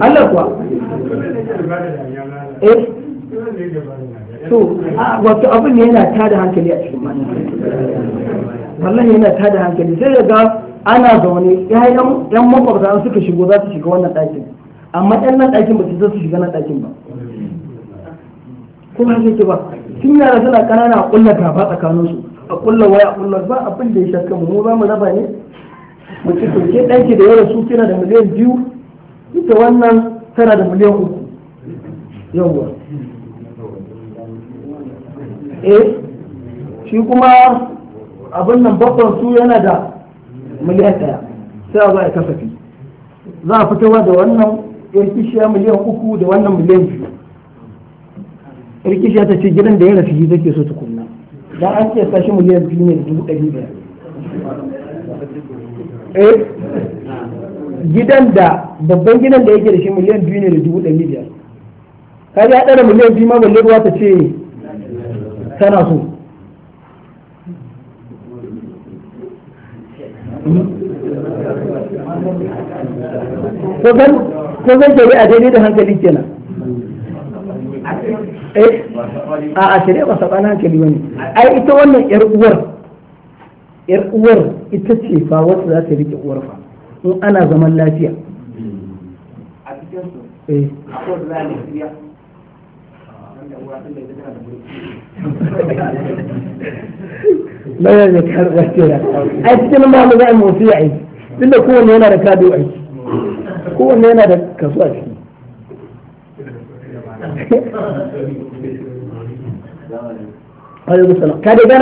Allah kuwa eh to wato abin ne yana tada hankali a cikin mani wallahi yana tada hankali sai ga ana zaune yayan yan makwabta an suka shigo za su shiga wannan ɗakin amma yan nan ɗakin ba su zo su shiga nan ɗakin ba kuma sai yake ba tun yara suna ƙanana a ƙulla ba tsakanin su a ƙulla waya a ƙulla ba abin da ya shakka mu mu ba mu raba ne mu ce ke ɗanki da yawa su kira da miliyan biyu da wannan tana da miliyan uku yawwa eh shi kuma abin nan babban su yana da miliyan ɗaya sai a za a kasafi za a fitowa da wannan irkishiya miliyan uku da wannan miliyan biyu irkishiya ta ce gidan da ya rafi shi zake so kunna. dan an ce sashi miliyan biyu ne da dubu ɗari biyar eh gidan da babban gidan da yake da shi miliyan biyu ne da dubu ɗari biyar ji ya ɗara miliyan biyu ma balle ruwa ta ce tana so ko zan yi a daidai da hankali kenan eh, a a shirya ba saɓanin hankali wani ai ita wannan yar uwar yar uwar ita ce fa wacce za ta rike uwar fa ana zaman lafiya a cikin su eh a a cikin mamu za mu yana da kado ai kowanne yana da kaso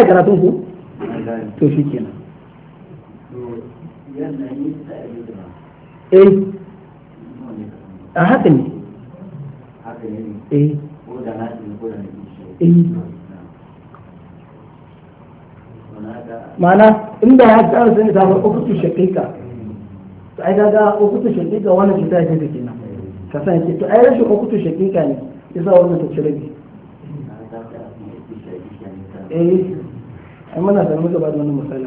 karatun ku to shikenan eh a haka ne eh. eh ma'ana inda ya tsara sai ta bar ukutu shakika to ai kaga ukutu shakika wannan cuta ce take nan ka san ce to ai rashin ukutu shakika ne isa wannan ta cire bi eh ai muna da muka ba da wani misali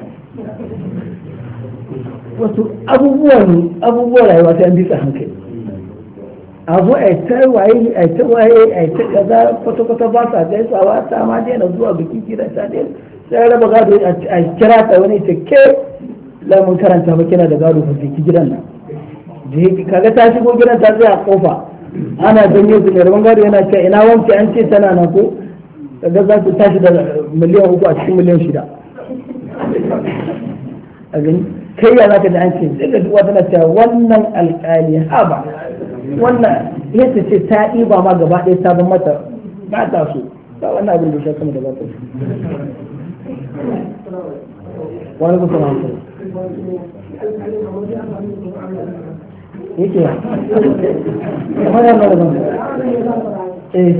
wasu abubuwa ne abubuwa rayuwa ta bi ta hankali abu a ta waye a ta waye a ta kaza kwata kwata ba sa sawa ta ma daina zuwa biki kira ta daina sai raba gado a kira ta wani ta ke lamun karanta ba kina da gado ku biki gidan nan da kaga ta shigo gidan ta zai a kofa ana ganye su ne rabon gado yana ce ina wanke an ce tana na ko da za ta tashi da miliyan uku a cikin miliyan shida a gani kai ya za ka da an ce sai ka duwa tana cewa wannan alƙali haba wannan ya ta ce ta ɗiba ma gaba ɗaya ta ban mata ba ta so ba wannan abin da shi kama da ba ta so wani kusa na hankali yake ya kamar yana da ban eh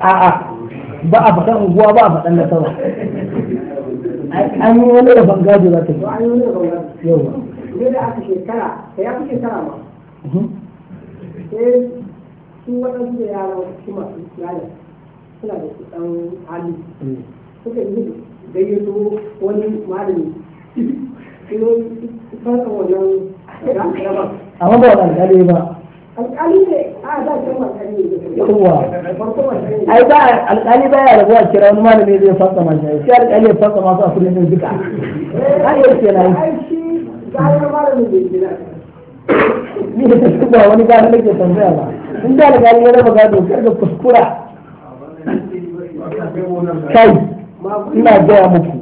a'a ba a faɗan unguwa ba a faɗan sama. an yi wani da bangajo za ta yi an yi wani da bangajo yawa ne da aka shekara da ya fi shekara ma sai su waɗansu da yara su masu yaya suna da su ɗan hali suka yi gayyato wani malami kilo farkon wannan rama amma ba wa ɗan ba ai ba alƙali baya a kira wani malami zai fasa ma shi sai alƙali ya fasa masu a kudin din duka ai ya ce na yi ni da ta ba wani gano nake tambaya ba in da alƙali ya raba gado kar da kuskura kai ina gaya muku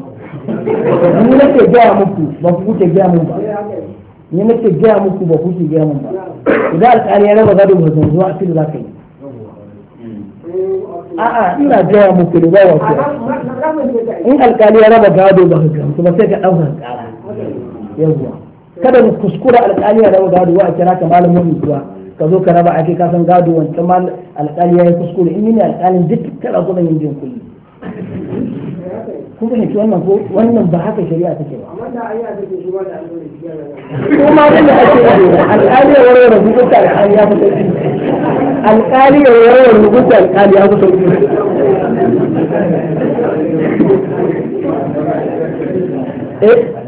ni nake gaya muku ba ku kuke gaya muku ba ni nake gaya muku ba kuke gaya mun ba idan alƙali ya raba gado ba zan zuwa shi za ka yi a'a ina gaya muku da yawa ku in alƙali ya raba gado ba ka gamsu ba sai ka ɗaukar ƙara yawwa kada mu kuskura alƙali ya raba gado wa kira ka malamin unguwa ka zo ka raba ake kasan gado wancan mal alƙali ya yi kuskure in ni ne alƙalin duk kada kuma yin jin kulli kun fahimci wannan ko wannan ba haka shari'a take ba amma da ayya da ke shi wanda an dole shi kuma wanda ake alƙali ya warware hukunta alƙali ya fi sauki alƙali ya warware hukunta alƙali ya fi sauki eh